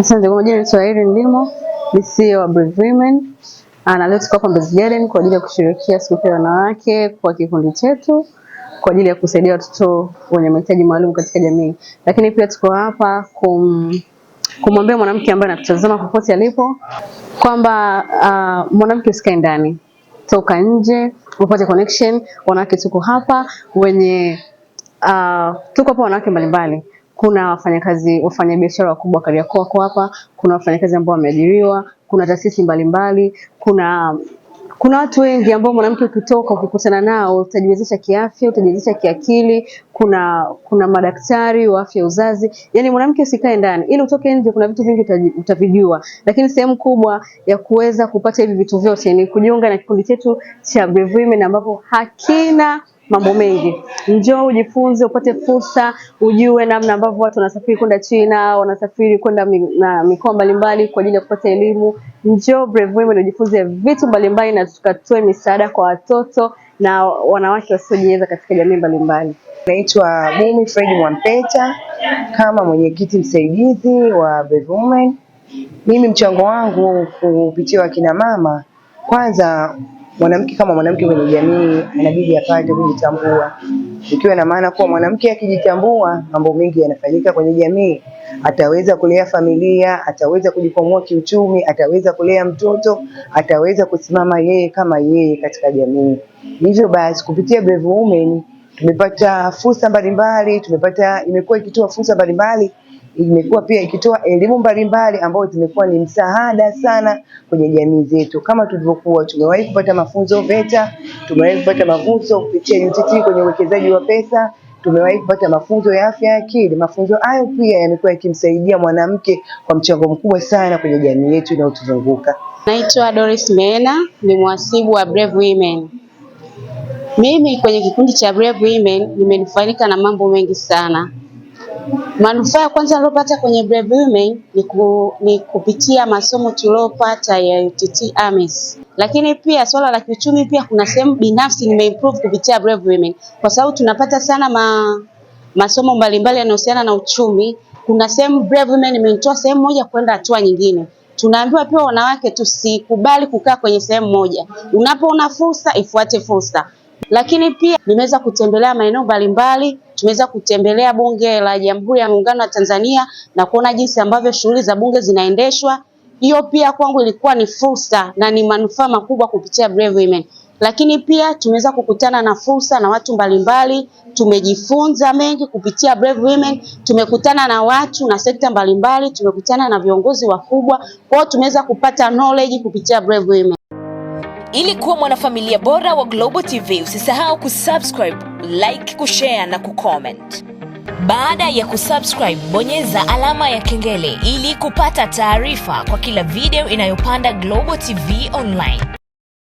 Asante kwa majina, naitwa Irene Ndimo, ni CEO wa Brave Women. Ah, na leo tuko hapa Mbezi Garden kwa ajili ya kushirikia siku ya wanawake kwa kikundi chetu kwa ajili ya kusaidia watoto wenye mahitaji maalum katika jamii, lakini pia tuko hapa kum kumwambia mwanamke ambaye anatutazama popote alipo kwamba uh, mwanamke usikae ndani, toka nje upate connection. Wanawake tuko hapa wenye uh, tuko hapa wanawake mbalimbali kuna wafanyakazi wafanyabiashara wakubwa Kariakoo wako hapa, kuna wafanyakazi ambao wameajiriwa, kuna taasisi mbalimbali, kuna kuna watu wengi ambao mwanamke ukitoka ukikutana nao utajiwezesha kiafya, utajiwezesha kiakili. Kuna kuna madaktari wa afya uzazi. Yani mwanamke usikae ndani, ili utoke nje, kuna vitu vingi utavijua, lakini sehemu kubwa ya kuweza kupata hivi vitu vyote ni kujiunga na kikundi chetu cha Brave Women ambapo hakina mambo mengi. Njoo ujifunze, upate fursa, ujue namna ambavyo watu wanasafiri kwenda China, wanasafiri kwenda na mikoa mbalimbali kwa ajili ya kupata elimu. Njoo Brave Women ujifunze vitu mbalimbali, na tukatoe misaada kwa watoto na wanawake wasiojiweza katika jamii mbalimbali. Naitwa bumi Fredi Mwampeta kama mwenyekiti msaidizi wa Brave Women. Mimi mchango wangu kupitia wakina mama, kwanza mwanamke kama mwanamke kwenye jamii anabidi apate kujitambua, ikiwa na maana kuwa mwanamke akijitambua, mambo mengi yanafanyika kwenye jamii. Ataweza kulea familia, ataweza kujikwamua kiuchumi, ataweza kulea mtoto, ataweza kusimama yeye kama yeye katika jamii. Hivyo basi kupitia Brave Women tumepata fursa mbalimbali, tumepata imekuwa ikitoa fursa mbalimbali imekuwa pia ikitoa elimu mbalimbali ambayo zimekuwa ni msaada sana kwenye jamii zetu. Kama tulivyokuwa tumewahi kupata mafunzo VETA, tumewahi kupata mafunzo kupitia UTT kwenye uwekezaji wa pesa tumewahi kupata mafunzo ya afya ya akili. Mafunzo hayo pia yamekuwa yakimsaidia mwanamke kwa mchango mkubwa sana kwenye jamii yetu inayotuzunguka. Naitwa Doris Meena, ni mhasibu wa Brave Women. Mimi kwenye kikundi cha Brave Women nimenufaika na mambo mengi sana. Manufaa ya kwanza niliyopata kwenye Brave Women ni, ku, ni kupitia masomo tuliyopata ya UTT AMIS, lakini pia swala la kiuchumi pia kuna sehemu binafsi nimeimprove kupitia Brave Women kwa sababu tunapata sana ma, masomo mbalimbali yanayohusiana na uchumi. Kuna sehemu Brave Women imenitoa sehemu moja kwenda hatua nyingine. Tunaambiwa pia wanawake tusikubali kukaa kwenye sehemu moja, unapoona fursa ifuate fursa. Lakini pia nimeweza kutembelea maeneo mbalimbali tumeweza kutembelea Bunge la Jamhuri ya Muungano wa Tanzania na kuona jinsi ambavyo shughuli za bunge zinaendeshwa. Hiyo pia kwangu ilikuwa ni fursa na ni manufaa makubwa kupitia Brave Women. Lakini pia tumeweza kukutana na fursa na watu mbalimbali, tumejifunza mengi kupitia Brave Women. Tumekutana na watu na sekta mbalimbali, tumekutana na viongozi wakubwa, kwao tumeweza kupata knowledge kupitia Brave Women. Ili kuwa mwanafamilia bora wa Global TV, usisahau kusubscribe like, kushare na kucomment. Baada ya kusubscribe, bonyeza alama ya kengele ili kupata taarifa kwa kila video inayopanda Global TV Online.